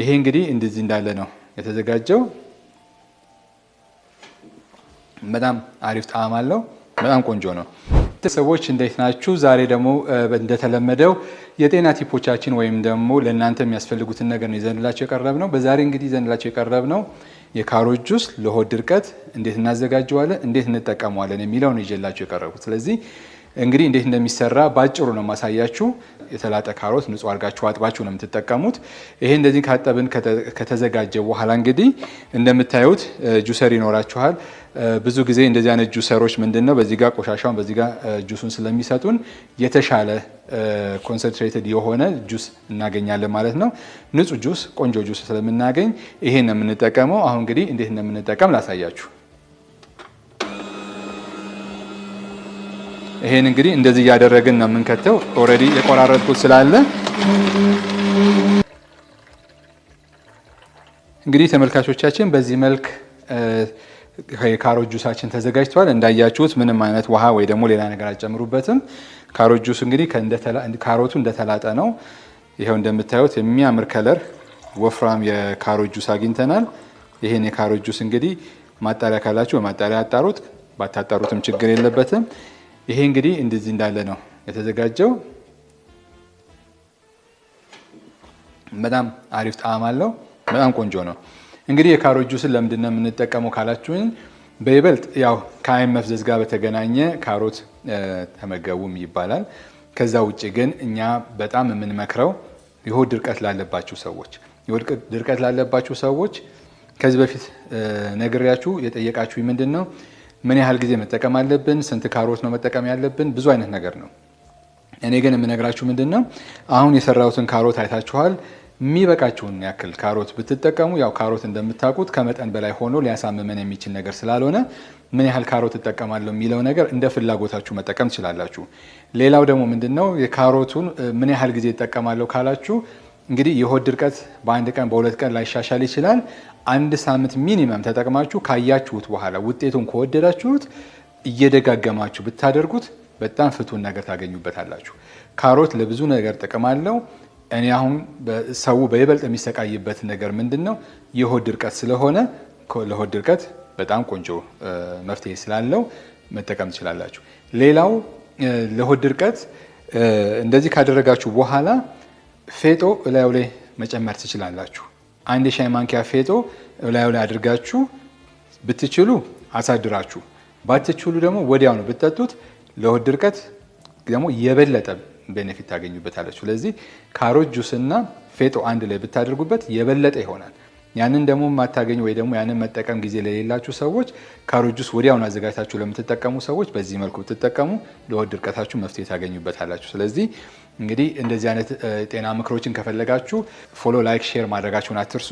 ይሄ እንግዲህ እንደዚህ እንዳለ ነው የተዘጋጀው። በጣም አሪፍ ጣዕም አለው። በጣም ቆንጆ ነው። ሰዎች እንዴት ናችሁ? ዛሬ ደግሞ እንደተለመደው የጤና ቲፖቻችን ወይም ደግሞ ለእናንተ የሚያስፈልጉትን ነገር ነው ይዘንላቸው የቀረብ ነው። በዛሬ እንግዲህ ይዘንላቸው የቀረብ ነው የካሮት ጁስ ለሆድ ድርቀት እንዴት እናዘጋጀዋለን፣ እንዴት እንጠቀመዋለን የሚለው ነው ይዤላቸው የቀረብኩት። ስለዚህ እንግዲህ እንዴት እንደሚሰራ ባጭሩ ነው ማሳያችሁ። የተላጠ ካሮት ንጹህ አድርጋችሁ አጥባችሁ ነው የምትጠቀሙት። ይሄ እንደዚህ ካጠብን ከተዘጋጀ በኋላ እንግዲህ እንደምታዩት ጁሰር ይኖራችኋል። ብዙ ጊዜ እንደዚህ አይነት ጁሰሮች ምንድን ነው በዚህ ጋር ቆሻሻውን በዚህ ጋር ጁሱን ስለሚሰጡን የተሻለ ኮንሰንትሬትድ የሆነ ጁስ እናገኛለን ማለት ነው። ንጹህ ጁስ፣ ቆንጆ ጁስ ስለምናገኝ ይሄን ነው የምንጠቀመው። አሁን እንግዲህ እንዴት እንደምንጠቀም ላሳያችሁ ይሄን እንግዲህ እንደዚህ እያደረግን ነው የምንከተው። ኦልሬዲ የቆራረጥኩት ስላለ እንግዲህ ተመልካቾቻችን በዚህ መልክ ካሮት ጁሳችን ተዘጋጅቷል። እንዳያችሁት ምንም አይነት ውሃ ወይ ደግሞ ሌላ ነገር አልጨምሩበትም። ካሮት ጁስ እንግዲህ ካሮቱ እንደተላጠ ነው። ይኸው እንደምታዩት የሚያምር ከለር ወፍራም የካሮት ጁስ አግኝተናል። ይህን የካሮት ጁስ እንግዲህ ማጣሪያ ካላችሁ በማጣሪያ አጣሩት፣ ባታጣሩትም ችግር የለበትም። ይሄ እንግዲህ እንደዚህ እንዳለ ነው የተዘጋጀው። በጣም አሪፍ ጣዕም አለው። በጣም ቆንጆ ነው። እንግዲህ የካሮት ጁስን ለምንድን ነው የምንጠቀመው ካላችሁኝ በይበልጥ ያው ከአይን መፍዘዝ ጋር በተገናኘ ካሮት ተመገቡም ይባላል። ከዛ ውጭ ግን እኛ በጣም የምንመክረው የሆድ ድርቀት ላለባችሁ ሰዎች ድርቀት ላለባችሁ ሰዎች ከዚህ በፊት ነግሬያችሁ የጠየቃችሁ ምንድን ነው ምን ያህል ጊዜ መጠቀም አለብን፣ ስንት ካሮት ነው መጠቀም ያለብን፣ ብዙ አይነት ነገር ነው። እኔ ግን የምነግራችሁ ምንድን ነው አሁን የሰራሁትን ካሮት አይታችኋል። የሚበቃችሁን ያክል ካሮት ብትጠቀሙ፣ ያው ካሮት እንደምታውቁት ከመጠን በላይ ሆኖ ሊያሳምመን የሚችል ነገር ስላልሆነ ምን ያህል ካሮት እጠቀማለሁ የሚለው ነገር እንደ ፍላጎታችሁ መጠቀም ትችላላችሁ። ሌላው ደግሞ ምንድን ነው የካሮቱን ምን ያህል ጊዜ እጠቀማለሁ ካላችሁ እንግዲህ የሆድ ድርቀት በአንድ ቀን በሁለት ቀን ላይሻሻል ይችላል። አንድ ሳምንት ሚኒመም ተጠቅማችሁ ካያችሁት በኋላ ውጤቱን ከወደዳችሁት እየደጋገማችሁ ብታደርጉት በጣም ፍቱን ነገር ታገኙበታላችሁ። ካሮት ለብዙ ነገር ጥቅም አለው። እኔ አሁን ሰው በይበልጥ የሚሰቃይበት ነገር ምንድን ነው? የሆድ ድርቀት ስለሆነ ለሆድ ድርቀት በጣም ቆንጆ መፍትሄ ስላለው መጠቀም ትችላላችሁ። ሌላው ለሆድ ድርቀት እንደዚህ ካደረጋችሁ በኋላ ፌጦ እላዩ ላይ መጨመር ትችላላችሁ። አንድ የሻይ ማንኪያ ፌጦ ላዩ ላይ አድርጋችሁ ብትችሉ አሳድራችሁ ባትችሉ ደግሞ ወዲያውኑ ብትጠጡት ለሆድ ድርቀት ደግሞ የበለጠ ቤኔፊት ታገኙበታለች ስለዚህ ካሮት እና ፌጦ አንድ ላይ ብታደርጉበት የበለጠ ይሆናል። ያንን ደግሞ የማታገኙ ወይ ደግሞ ያንን መጠቀም ጊዜ ለሌላችሁ ሰዎች ካሮት ጁስ ወዲያውን አዘጋጅታችሁ ለምትጠቀሙ ሰዎች በዚህ መልኩ ብትጠቀሙ ለሆድ ድርቀታችሁ መፍትሄ ታገኙበታላችሁ። ስለዚህ እንግዲህ እንደዚህ አይነት ጤና ምክሮችን ከፈለጋችሁ ፎሎ፣ ላይክ፣ ሼር ማድረጋችሁን አትርሱ።